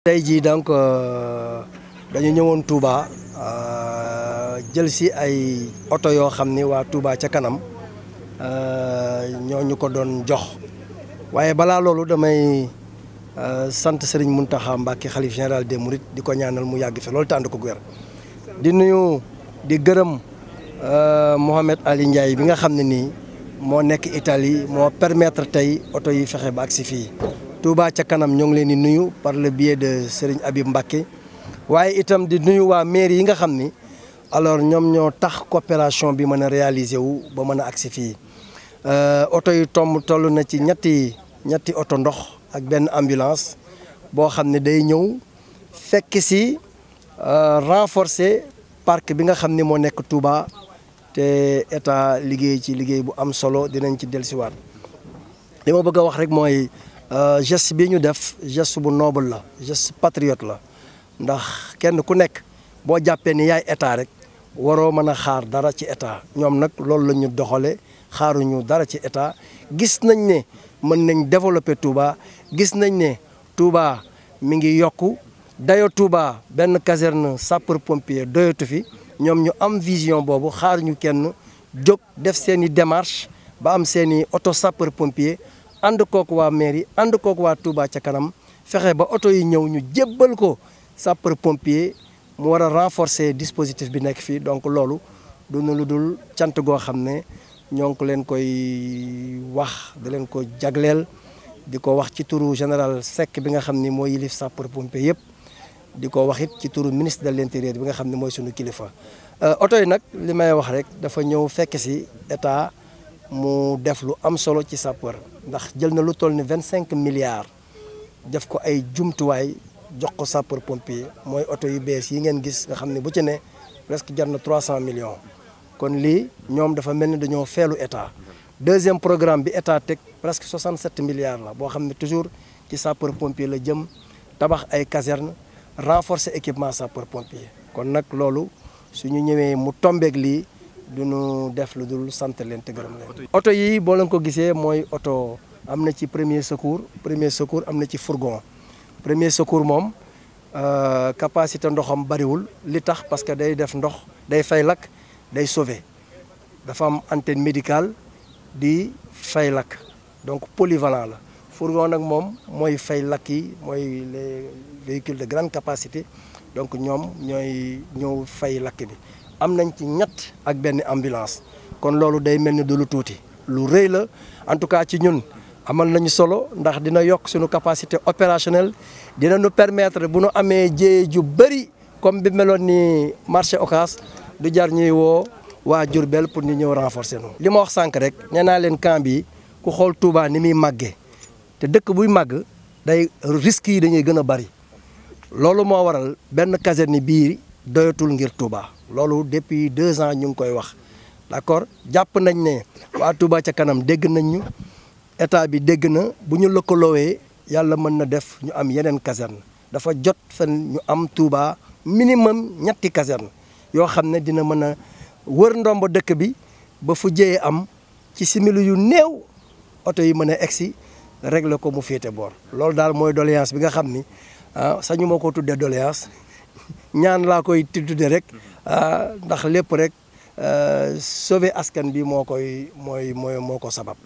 tey jii donc euh, dañu ñëwoon Touba euh, jël si ay oto yoo xam ni waa Touba ca kanam euh, ñoo ñu ko doon jox waaye balaa loolu damay sant Serigne taxa Mbacké xalif général de murit di ko ñaanal mu yàgg fi loolu tànd ko wér di nuyu di gërëm Mohamed Ali Ndiaye bi nga xam ne nii moo nekk itali moo permettre tey oto yi fexe ba agsi fii Touba ca kanam ñoo ngi leen di nuyu par le biais de seriñ abi Mbacké waaye itam di nuyu waa mairie yi nga xam ni alors ñoom ñoo tax coopération bi mën a réaliser wu ba mën a agsi fii euh, oto yi tomb toll na ci ñetti ñetti oto ndox ak benn ambulance boo xam ne day ñëw fekk si euh, renforcer parc bi nga xam ni moo nekk Touba te état liggéey ci liggéey bu am solo dinañ ci dellusiwaat li ma bëgg wax rek mooy. Euh, geste bi ñu def geste bu noble la geste patriote la ndax kenn ku nekk boo jàppee ni yaay état rek waroo mën a xaar dara ci état ñoom nag loolu la ñu doxalee xaaruñu dara ci état gis nañ ne mën nañ développer Touba gis nañ ne Touba mu ngi yokku dayo Touba benn caserne sapeur pompier doyatu fi ñoom ñu am vision boobu xaar ñu kenn jóg def seen i démarche ba am seen i auto sapeur pompier ànd kook waa mairie ànd kook waa Touba ca kanam fexe ba oto yi ñëw ñu jébbal ko sapeur pompier mu war a renforcer dispositif bi nekk fii donc loolu du dunu lu dul cant goo xam ne ñoo ngi leen koy wax da leen ko jagleel di ko wax ci turu général Seck bi nga xam ni mooy yilif sapeur pompier yëpp di ko wax it ci turu ministre de l'intérieur bi nga xam ne mooy sunu kilifa euh, oto yi nag li may wax rek dafa ñëw fekk si état mu def lu am solo ci sapeur ndax jël na lu toll ni vingt cinq milliards def ko ay jumtuwaay jox ko sapeur pompier mooy oto yu bees yi ngeen gis nga xam ne bu ci ne presque jar na trois cent millions kon lii ñoom dafa mel ni dañoo feelu état deuxième programme bi état teg presque soixante sept milliards la boo xam ne toujours ci sapeur pompier la jëm tabax ay caserne renforcer équipement sapeur pompier kon nag loolu su ñu ñëwee mu tombeek lii du ñu def lu dul sant leen te gërëm leen. oto yi boo leen ko gisee mooy oto am na ci premier secours premier secours am na ci fourgon premier secours moom euh, capacité ndoxam bariwul li tax parce que day def ndox day fay lakk day sauver dafa am antenne médicale di fay lakk donc polyvalent la fourgon nag moom mooy fay lakk yi mooy les véhicules de grande capacité donc ñoom ñooy ñëw fay lakk bi. am nañ ci ñett ak benn ambulance kon loolu day mel ni du lu tuuti lu rëy la en tout cas ci ñun amal nañu solo ndax dina yokk suñu capacité opérationnelle dina nu permettre bu nu amee jéye ju bëri comme bi meloon ni marché ocas du jar ñuy woo waa jur bel pour ñu ñëw renforcer nu li ma wax sànq rek nee naa leen camp bi ku xool Touba ni muy màggee te dëkk buy màgg day risques yi dañuy gën a bëri loolu moo waral benn caserne biir doyatul ngir Touba loolu depuis deux ans ñu ngi koy wax d'accord jàpp nañ ne waa Touba ca kanam dégg nañ état bi dégg na bu ñu lëkkaloowee yàlla mën na def ñu am yeneen caserne dafa jot fen ñu am Touba minimum ñetti caserne yoo xam ne dina mën a wër ndomba dëkk bi ba fu jëyee am ci simili yu néew oto yi mën a egsi régler ko mu féete boor loolu daal mooy doléance bi nga xam ni ah sañu moo ko tuddee doléance ñaan laa koy tudde rek ah, ndax lépp rek ah, sauver askan bi moo koy mooy mooy moo ko sabab